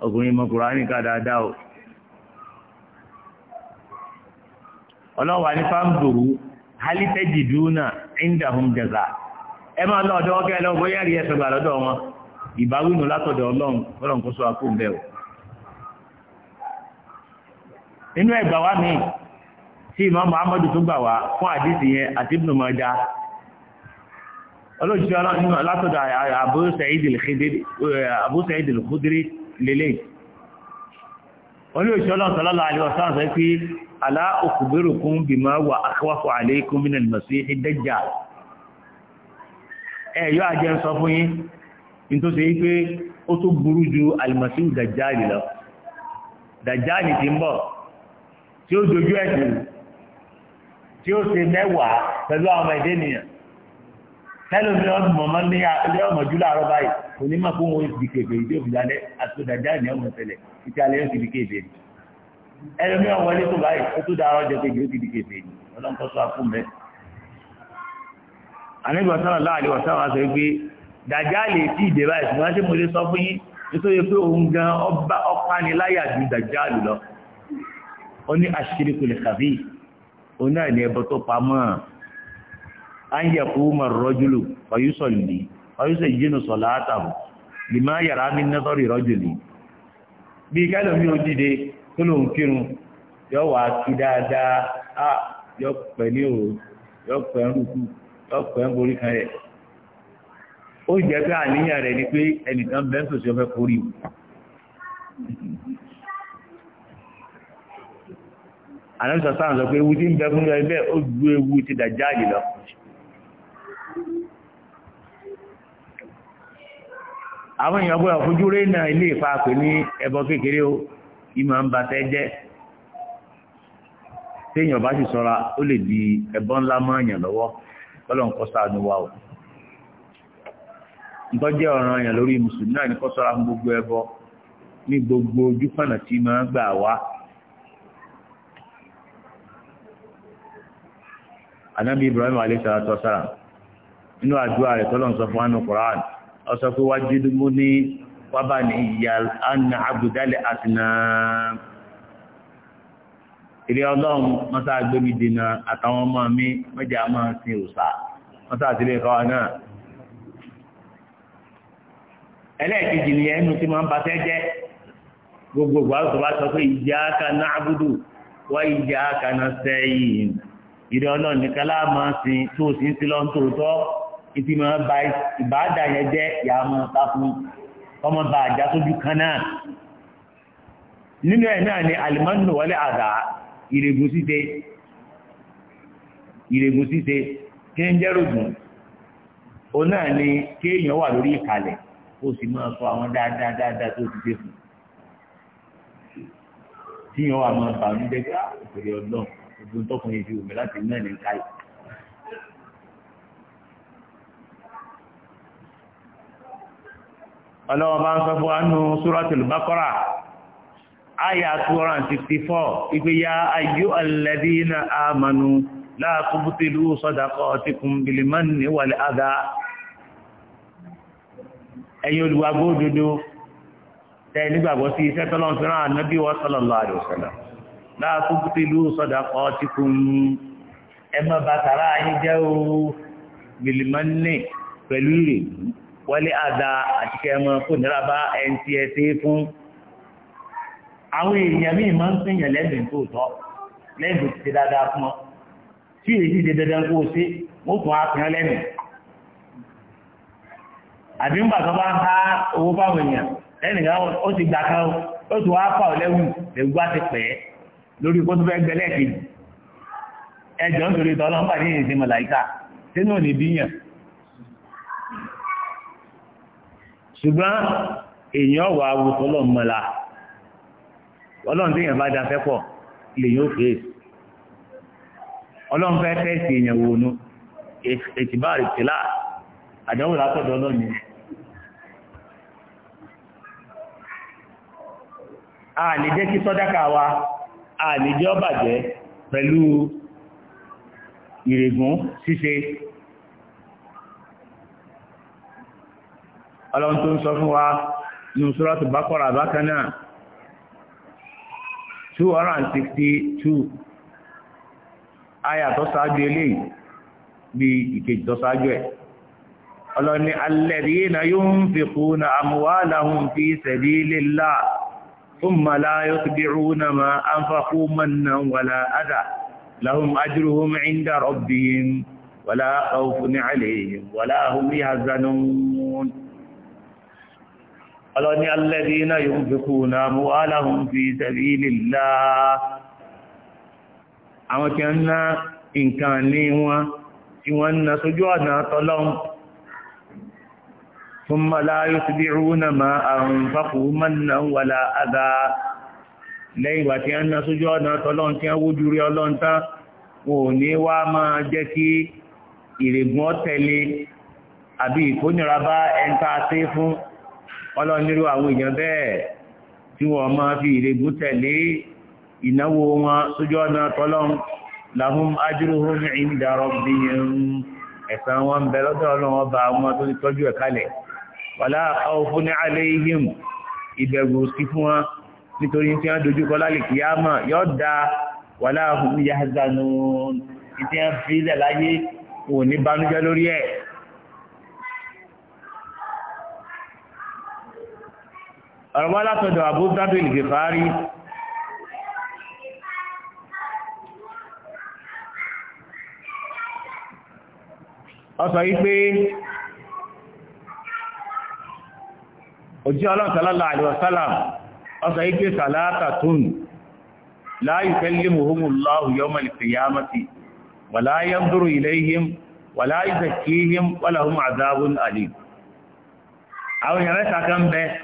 ọkùnrin mọ kùránì ká dáadáa o ọlọ́wà ní fáńdòrú halitẹ́jì dúnà indahum jaza ẹ máa lọ ọ̀dọ̀ ọkẹ́ lọ bóyá rí ẹsẹ̀ gbà lọ́dọ̀ wọn ìbáwínú látọ̀dọ̀ ọlọ́run ọlọ́run kó sọ akó ń bẹ̀ o nínú ẹgbà wa mi tí Imam Muhammadu tó gbà wá fún àdìsí yẹn àti Ibn Majah olóòjì ọlọ́run látọ̀dọ̀ Abu Sa'id al-Khudri lélẹ̀ olóòṣọ́ lọ́sọ̀ lọ́la àlewọ̀sán sọ pé alá ukbirukum bima wà akhwafu alaykum minal masihid dajjal ẹ̀yọ́ àjẹ́ sọ fún yín ní tó ṣe pé ó tó burú ju al-masihu lọ tẹ́lómi ọmọ mọ́ndé ilé ọmọ júlọ àárọ̀ báyìí onímọ̀ fún wọn ti kéfè ìdí òfin alẹ́ àtúndàjá ní ọmọ ìṣẹ̀lẹ̀ títí alẹ́ yóò ti di kéfè ni ẹlòmí ọwọ́ ilé tó báyìí ó tó dára ọjọ́ kejì ó ti di kéfè ni ọlọ́nkọ́ sọ àkú mẹ́. àníbi ọ̀sán ọ̀la àlè ọ̀sán wa sọ pé dàjà lè tí ìdè báyìí ṣùgbọ́n ṣé mo lè sọ an yà kú mọ̀ rọ́júlù ọ̀yúsọ̀lì ọ̀yúsọ̀ ìjínú sọ̀lá àtàwù lè máa yàrá ní nẹ́tọ́rì rọ́júlì bí kẹ́lọ̀mí ó dìde tó lòun kírun yọ wà kí dáadáa á yọ pẹ̀ ní òru yọ pẹ̀ ń rúkú yọ pẹ̀ ń borí kan rẹ̀ ó jẹ́ pé àníyàn rẹ̀ ni pé ẹnìkan bẹ́ẹ̀ sòsì ọ̀fẹ́ kórìí àlẹ́sọ̀sán sọ pé ewu tí ń bẹ fún ẹgbẹ́ ó ewu ti dàjáàlì lọ àwọn èèyàn ya fojú rẹ̀ náà ilé ìfapè ní ẹbọ kékeré o ìmọ̀ ń batẹ́ jẹ́ téèyàn bá sì sọ́ra ó lè di ẹbọ ńlá mọ́ àyàn lọ́wọ́ kọ́lọ̀ ń kọ́ sáànù wa o ntọ́jẹ́ ọ̀ràn àyàn lórí mùsùlùmí náà ní kọ́ gbogbo ẹbọ ní gbogbo ojú gbaa tí máa Ibrahim alayhi wa àdúrà rẹ̀ tọ́lọ́ ọ̀sọ̀ pé wá jídúmú ní wábà ní ìyà anà àbùdálẹ̀ àti náà ilé ọlọ́run mọ́sá gbémi dènà àtàwọn ọmọ mi mẹ́jà máa sin òòṣà mọ́sá àti ilé ìkọ́wà náà ẹlẹ́ẹ̀kejì ni ẹnu tí máa ń basẹ́ jẹ́ gbogbogbò àwọn bá sọ pé ìjà kaná abudu wá ìjà kaná sẹ́yìn ìrẹ́ ọlọ́run nìkan láàmú sin tó sì ń sin lọ́n tòótọ́ ìtì máa ba ìbáàdà yẹn jẹ́ ìyá máa ta fún ọmọ bá àjá sójú kan náà nínú ẹ̀ náà ni alimánù wọlé àdá ìrègùn síse ìrègùn síse kí ń jẹ́rùgùn ó náà ni kéèyàn wà lórí ìkàlẹ̀ ó sì máa sọ àwọn dáadáa dáadáa tó ti dé fún tíyàn wà máa bàánú jẹ́ pé òkèrè ah, ọlọ́run ogun tọkùnrin fi òmìnira ti náà ní káyìí ọlọ́wọ́ bá ń sọ fún anú súratul Baqara àyà 264 ìpé ya ayú alladhina amanu la tubtilu sadaqatikum bil manni wal adha ẹ̀yin olùgbàgbọ́ òdodo tẹ́ nígbàgbọ́ sí iṣẹ́ tọ́lọ́n fi rán ànábì wa sallallahu alaihi wasallam la wọlé àdá àti kẹmọ kò nira bá ẹni tí ẹ ṣe fún àwọn èèyàn míì máa ń pèèyàn lẹ́yìn tó tọ́ lẹ́yìn tó ti ṣe dáadáa fún ọ tí èyí ṣe dandan kó o ṣe wọ́n tún á pèèyàn lẹ́yìn àbí ń bàtọ́ bá ń há owó fáwọn èèyàn lẹ́yìn kan ó ti gbà kan ó tún á fà ọ lẹ́wù lẹ́wù bá ti pẹ̀ lórí kó tó fẹ́ gbẹ lẹ́ẹ̀kejì ẹjọ́ nítorí tọ́lọ́mbà ní ìsinmi làyíká sínú ò ṣùgbọ́n èèyàn wà á wùtọ́ lọ́n mọ́la ọlọ́run tí èèyàn bá da fẹ́ pọ̀ lèyìn ó fèé ọlọ́run fẹ́ tẹ́sì èèyàn wò nu ètìbá àrètìlá àdánwò látọ̀dọ̀ ọlọ́run yẹn. a lè jẹ́ kí sọ́dáka wa a jẹ́ ọ̀bàjẹ́ pẹ̀lú ìrègùn ṣíṣe. ọlọ́run tó ń sọ fún wa ní Suratul Baqara bákan 262 aya tó ṣáájú eléyìí bí ìkejì tó ṣáájú ẹ̀ ọlọ́ni alladhina yunfiquna amwalahum fi sabilillah thumma la yutbi'una ma anfaqu mannan wala adha lahum ajruhum 'inda rabbihim wala khawfun 'alayhim wala hum yahzanun ọlọ́ni alladhina yunfiquna amwalahum fi sabilillah àwọn tí a ń ná nǹkan ní wọn tí wọ́n ń na sójú ọ̀nà tọ́lọ́m thumma la yutbi'una ma anfaqu mannan wala adha lẹ́yìn ìgbà tí a na sójú ọ̀nà tọ́lọ́m tí a wójú rí àbí ìkónira bá ẹ̀ńtà sí fún ọlọ́nirú àwọn èèyàn bẹ́ẹ̀ tí wọ́n máa fi ìrègùn tẹ̀lé ìnáwó wọn sójú ọ̀nà tọ́lọ́m lahum ajruhum inda rabbihim ẹ̀san wọn bẹ lọ́dọ̀ ọlọ́run ọba wọn tó ti tọ́jú ẹ̀ kalẹ̀ wala khawfun alayhim ìbẹ̀rù sí fún wọn nítorí tí wọ́n dojúkọ ẹ̀ ọ̀rọ̀ wá látọ̀dọ̀ Abu Dharr al-Ghifari ọ̀sọ̀ yìí pé òjí ọlọ́run sallallahu alaihi wasallam ọ̀sọ̀ yìí pé salatatun la yukallimuhumullahu yawma al-qiyamati wa la yanzuru ilayhim wa la yuzakkihim wa lahum adhabun alim àwọn èèyàn mẹ́ta kan bẹ́ẹ̀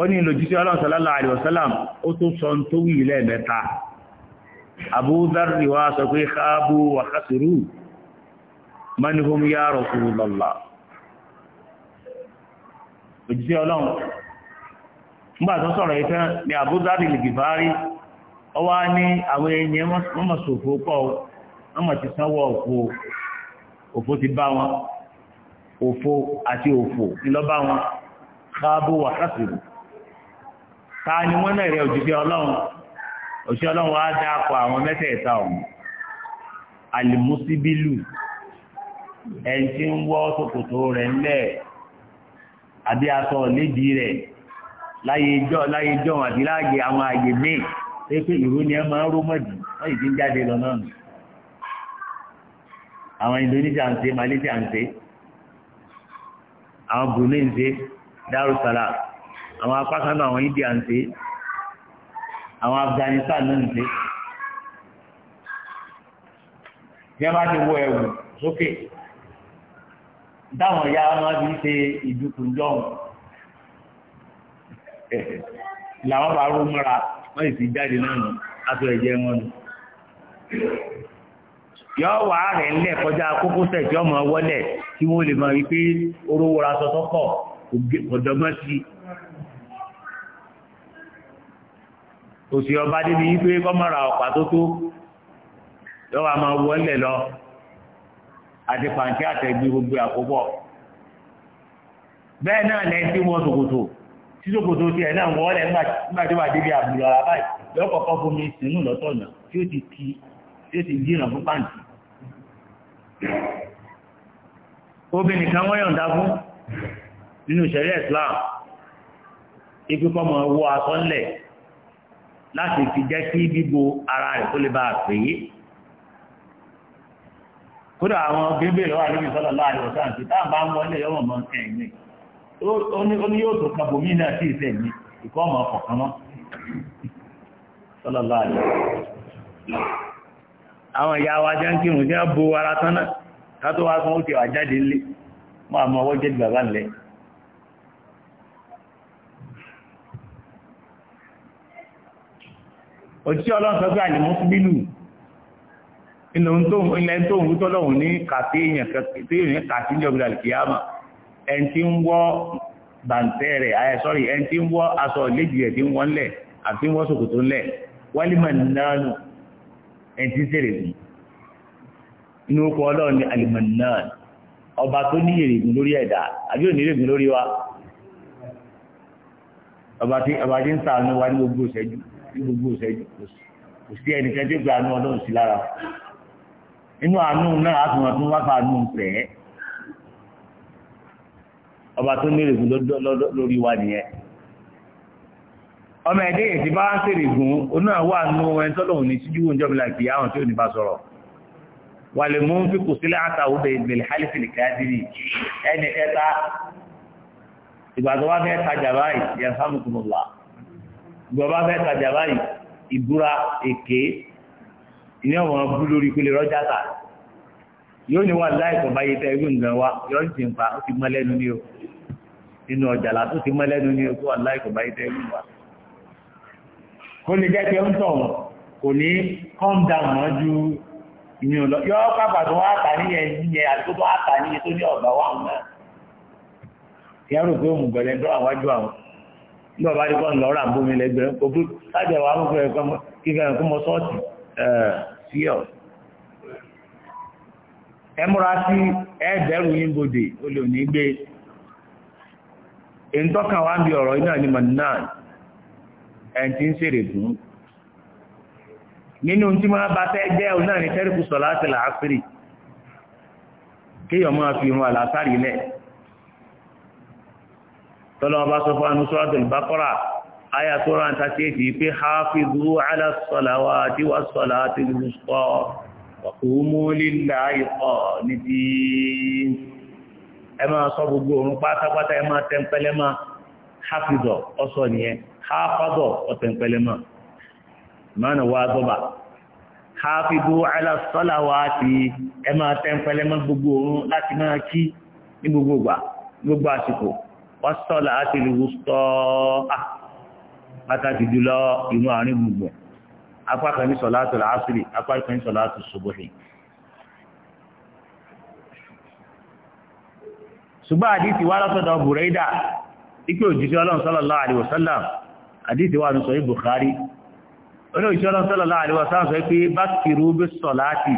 ó ní ìlòjísí ọlọ́run sallallahu alaihi wasallam ó tó sọ tó wí ilẹ̀ mẹ́ta wa sọ pé káàbù wà kásìrú manihum ya ọlọ́run nígbà tó sọ̀rọ̀ ni abúdárì lìgìfárí ó wá ní àwọn èèyàn wọ́n sòfò pọ̀ ti sanwó ta ni wọ́n náà rẹ̀ ọlọrun ọlọ́run ọlọrun ọlọ́run wá dáàpọ̀ àwọn alimusibilu ẹni tí ń wọ́ ṣòkòtò rẹ̀ ńlẹ̀ àbí aṣọ lédi rẹ̀ láyé ijọ́ láyé ijọ́ àti láàyè àwọn àyè míì pé ìró ni lọ náà nù àwọn Indonesia ń ṣe Malaysia ń ṣe àwọn Brunei àwọn apákan náà àwọn India ń ṣe àwọn Afghanistan náà ń ṣe bí wọ́n bá ti wọ ẹ̀wù sókè dáwọn ìyá wọn fi ṣe ìdúkùnjọ́hùn làwọn bá rú mọ́ra wọ́n sì ti jáde náà nù aṣọ ẹ̀jẹ̀ wọn nù yọ wà rẹ̀ ńlẹ̀ kọjá kókósẹ̀ tí ọmọ wọlé tí wọ́n lè máa rí pé oró wọra kò dọ́gbọ́n sí i. òsì ọba débi wípé kọ́mọ́ra ọ̀pá tó tó lọ́wọ́ a máa wọlé lọ àti pàǹtí àtẹ̀gbé gbogbo àkóbọ̀ bẹ́ẹ̀ náà lẹ́yìn tí wọ́n ṣòkòtò tí ṣòkòtò tiẹ̀ náà wọlé nígbà tí wà débi àbúrò ara báyìí lọ́kọ̀ọ́kọ́ bomi sínú lọ́tọ̀nà tí ó ti kí tí ó ti dínà fún pàǹtí obìnrin kan wọ́n yọ̀ǹda fún nínú ìṣẹ̀lẹ̀ Islam ikú kọ́ mọ̀ wọ aṣọ ńlẹ̀ láti fi jẹ́ kí bíbo ara rẹ̀ tó lè bá a pè é kódà àwọn bíbélì wà níbi sọ́lọ̀ láàrin ọ̀sán àti táà bá ń wọlé ọmọ ọmọ ẹ̀yìn ó ní yóò tó kàbò mí náà sí ìfẹ́ mi ìkọ́ ọmọ ọkọ̀kan mọ́ sọ́lọ̀ láàrin àwọn ìyá wa jẹ́ ń kírun jẹ́ bo ara tán náà ká tó wá sún ó ti wà jáde nílé mọ́ àmọ́ ọwọ́ jẹ́ bàbá ńlẹ̀ òjíṣẹ́ ọlọ́run sọ pé àlìmọ́síbílù ilẹ̀ tó ń wútọ́ lọ́wọ́ ní kàtí èèyàn kàtí ní ọ̀gbìn àlìkìyàmà ẹni tí ń wọ́ bàǹtẹ́ rẹ̀ ayẹ sọ́rí ẹni tí ń wọ́ aṣọ ìléjì rẹ̀ tí ń wọ́n lẹ̀ àti ń wọ́ ṣòkòtò ńlẹ̀ wálímọ̀ nánú ẹni tí ń sèrè gùn inú ń sàánú wa ní gbogbo ìṣẹ́jú ní gbogbo ìṣẹ́jú kò sí ẹnìkan tí ó gba àánú ọlọ́run sí lára inú àánú náà á tún wọn tún wá fa àánú pẹ̀ ẹ́ ọba tó ní ìrègùn lórí wa nìyẹn ọmọ ẹ̀dẹ́ yìí ti bá ń ṣe ìrègùn onú àwọn àánú ẹni tọ́lọ́hùn ní síjú oúnjẹ ọ̀bìlà kì í àwọn tí ò ní bá sọ̀rọ̀ wà lè mú fi sílẹ̀ àtàwọn ìgbèlè hálífìlì káàdìrì ẹni kẹta ìgbà tó fẹ́ tajà báyìí yẹn fáwọn ìjọba fẹ́ tajà báyìí ìbúra èké ní ọmọ bú lórí ìpele rọ́jà tà yóò ní wà láìpọ̀ báyìí tẹ irú nǹkan wa yóò ti ń pa ó ti mọ́ lẹ́nu ní o nínú ọjà látó ti mọ́ lẹ́nu ní o tó wà láìpọ̀ báyìí tẹ irú wa. kó lè jẹ́ pé ó ń tọ̀ kò ní calm down mọ́ ju ìyẹn lọ yọ pàpà tó wá tà níyẹn níyẹn àti tó wá tà níyẹn tó ní ọ̀gbà wà ń náà. ìyá rò pé òun gbọ̀lẹ́ dọ́ àwọn àwọn bí rí kọ́ni lọ́ọ́ rà lẹ́gbẹ̀ẹ́ òbí láti ẹ̀wà mú fẹ́ kí fẹ́ràn kó mọ sọ́ọ̀tì eh, sí ọ̀ sí ẹ̀ẹ́dẹ́rù yín bòdè olè òní ń bi ọ̀rọ̀ iná ní manan ẹni tí ń ṣèrè fún nínú tí máa bá fẹ́ jẹ́ òun ní tẹ́rìkù sọ̀lá tọ́lọ́ ọba sọ fún anú suratul Baqara àyà tó rán tàbí èdè pé hafizu ala salawati was salatil wusta wa qumu lillahi qanitin ẹ máa sọ gbogbo òun pátápátá ẹ máa tẹ́ńpẹ́lẹ́ máa hafizọ ọsọ nìyẹn hafazọ gbogbo òun láti máa kí ní gbogbo ìgbà wọ́sọ̀lá àti ìlúwùsọ̀ ah, pàtàkì jùlọ ìlú àárín gbogbo apá kan ní sọ̀lá àti làásìrì apá kan ní sọ̀lá àti ṣubúhì. ṣùgbọ́n àdìsí wa lọ́sọ̀dọ̀ bùrẹ́dà ikú òjíṣẹ́ ọlọ́run sallallahu alaihi wasallam àdìsí wa ní sọ̀yí Bukhari olóòjíṣẹ́ ọlọ́run sallallahu alaihi wasallam sọ pé bákìrú bí sọ̀lá àti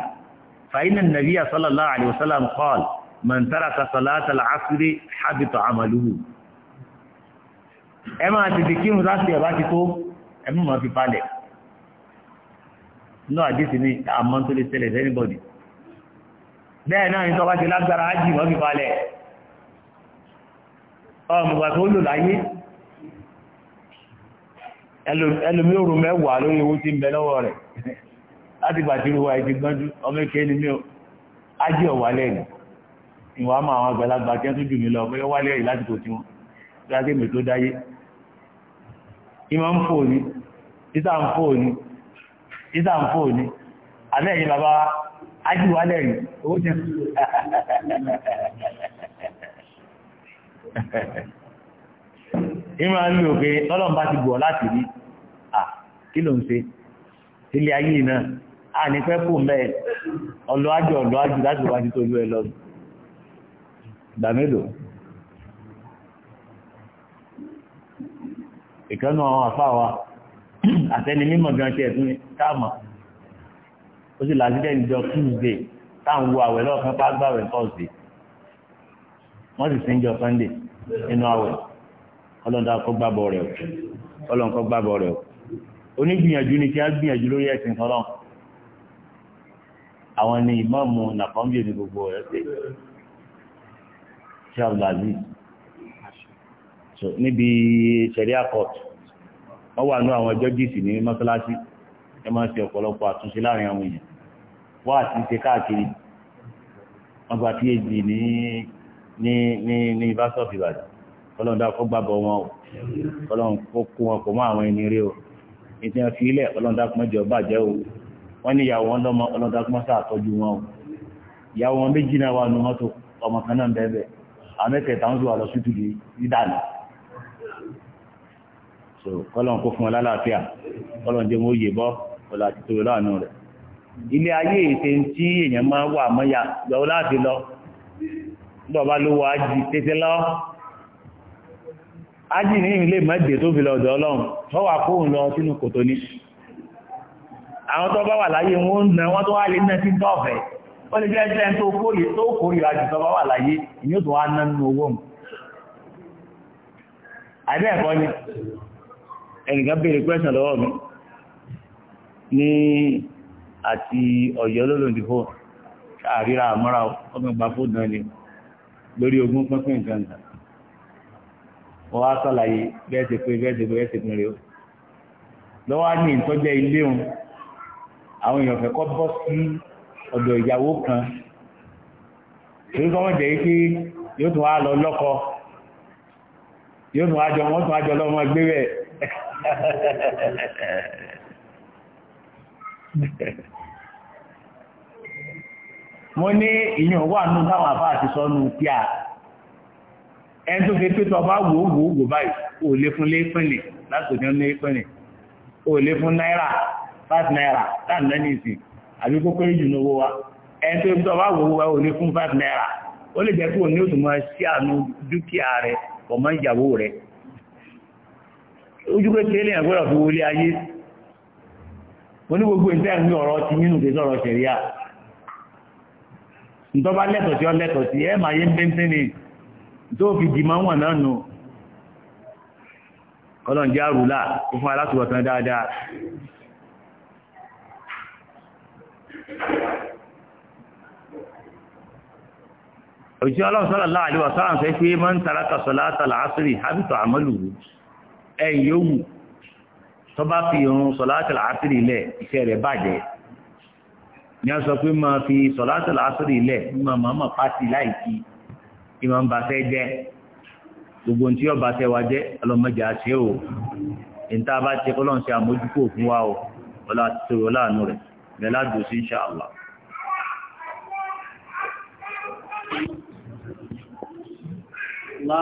fàyínà nàbíyà sallallahu alaihi man taraka salatal asri habita amaluhu ẹ máa tètè kírun láti ẹ̀ bá ti tó ẹ mú màá fi palẹ̀ náà àdìsí ni àmọ́ tó lè ṣẹlẹ̀ sẹ́nìbọ̀dì bẹ́ẹ̀ náà ní tọ́ba ti lágbára ájì mọ́ fi palẹ̀ ọmọgbà tó lò láyé ẹlòmí òrùn mẹ́wàá lórí owó tí ń bẹ lọ́wọ́ rẹ̀ láti gbàtí ruwa ìdígbọ́njú ọmọ ìkẹ́ni mi ájì ọ̀wà lẹ́yìn ìwà máa àwọn àgbàlagbà kí wọ́n tún jù mí lọ bóyá wálé ẹ̀yìn láti kò tiwọn tó yá kéèmì tó dáyé ìmọ̀ ń fò ní ìsà ń fò ní ìsà ń fò ní alẹ́yìn bàbá ájúwà alẹ́yìn owó jẹ́ ìmọ̀ ń lò pé lọ́lọ́mbá ti bọ̀ láti rí à kí ló ń ṣe ilé ayé náà a ní fẹ́ fò mẹ́ ọlọ́ájú ọlọ́ájú láti wájú tó lú ẹ lọ́dún ìgbà mélòó ìkànnù àwọn àfáwa àtẹni mímọ̀ gan ṣe ẹ̀tún káàmà ó sì làásìdẹ́ni jọ Tuesday táwọn wo àwẹ̀ lọ́ọ̀kan bá gbàwẹ̀ Thursday wọ́n sì sí ń jọ Sunday nínú àwẹ̀ ọlọ́dà kọ́ gbàbọ̀ rẹ̀ o ọlọ́nkọ́ gbàbọ̀ rẹ̀ o onígbìyànjú ni kí á gbìyànjú lórí ẹ̀sìn kan náà àwọn ni ìmọ̀ọ́mù nàkọ́ńbíyè ní gbogbo ẹ̀ ṣe sí abdulaziz so níbi sharia court wọ́n wà ní àwọn ẹjọ́ jìsì ní mọ́sálásí ẹ máa ń ṣe ọ̀pọ̀lọpọ̀ àtúnṣe láàrin àwọn èèyàn wọ́n àti ṣe káàkiri wọ́n gba phd ní ní ní ní university of Ibadan kọ́lọ́n dá kó gbàbọ̀ wọn o kọ́lọ́n kó kó wọn kó mọ́ àwọn ẹni rí o ètò yẹn fi ilẹ̀ kọ́lọ́n dá kúmọ́jọ bàjẹ́ o wọ́n ní ìyàwó wọn lọ́mọ kọ́lọ́n dá kúmọ́ sáà wọn o ìyàwó wọn méjì náà wà nù mọ́tò ọmọ kan náà bẹ́ẹ̀ bẹ́ẹ̀ amẹ́kẹta ń zuwa lọ sí tùdí ìdáná so kọ́lọ̀ kó fún ọ lálàáfíà kọ́lọ̀ jẹ́ wọ́n yè bọ́ ọ̀là àti tòwé láàánú rẹ̀ ilé ayé ètè tí èèyàn máa wà mọ́yà lọ́wọ́ láti lọ nígbàbá ló wọ ájì tètè lọ ájì ní ilé mẹ́gbẹ̀ẹ́ tó fi lọ́dọ̀ ọlọ́run tó wà kóhùn lọ sínú kòtò ní àwọn tó bá wà láyé wọn ń na wọn tó wà lè ó ní jẹ́jẹ́ tó kórìí tó kórìí àjùsọ bá wà láyé ìyó tó wá ná nínú owó mu àbí ẹ̀kọ́ ni ẹnìkan béèrè pẹ́sàn lọ́wọ́ mi ní àti ọ̀yọ́ lólòdìbò àríra àmọ́ra ọmọ ìgbà fóònù náà ni lórí ogún pínpín nǹkan nǹkan wọ́n á sọ̀làyé bẹ́ẹ̀ ti pé bẹ́ẹ̀ ti pé bẹ́ẹ̀ ti pín rèé o ọ̀dọ̀ ìyàwó kan èyí kọ́ wọ́n jẹ́ pé yóò tún wá lọ lọ́kọ yóò tún àjọ wọ́n tún àjọ lọ́mọ ẹgbẹ́ rẹ̀ mo ní ìyàn wà nù táwọn àfá àti sọ́nù tí a ẹn tó fi pé tọba wò wò wò báyìí ò lè fún lépìnlẹ̀ láti òjò ní lépìnlẹ̀ ò lè fún náírà 5 náírà láti lẹ́yìn ìsìn àbí kó pé jù lówó wa ẹni tó ń tọ́ bá wò wá ò ní fún five naira ó lè jẹ́ kó ní òtún máa ṣí àánú dúkìá rẹ̀ pọ̀ mọ́ ìyàwó rẹ̀ ojú pé kí eléyàn gbọ́dọ̀ fi wọlé ayé onígbogbo ìtẹ́ ní ọ̀rọ̀ ti nínú kí sọ̀rọ̀ ṣẹ̀ríà ntọ́ba lẹ́tọ̀ọ́ sí ọ lẹ́tọ̀ọ́ sí ẹ̀ máa yé ń péńté ni tó fi dì máa ń wọ̀n náà nù ọlọ́njẹ́ àrùlà òṣìṣẹ́ ọlọ́run sọ́lá láàrin wàsán fẹ́ pé máa ń tara kàṣọlá àtàlà àṣírí hábìtọ̀ àmọ́lù ẹ̀yìn yòówù tó bá fi irun sọ̀lá àtàlà àṣírí lẹ̀ iṣẹ́ rẹ̀ bàjẹ́ ni a sọ pé máa fi sọ̀lá àtàlà àṣírí lẹ̀ máa máa máa pàṣẹ láìkí ìmọ̀ ń bàṣẹ jẹ́ gbogbo tí ọba tẹ wa jẹ́ ọlọ́mọdé àṣẹ o ìta bá ti kọ́lọ́n ṣe àmójúkò fún wa o ọlá àti sọ̀rọ̀ láàánú rẹ̀ bẹ̀lá dùn sí insha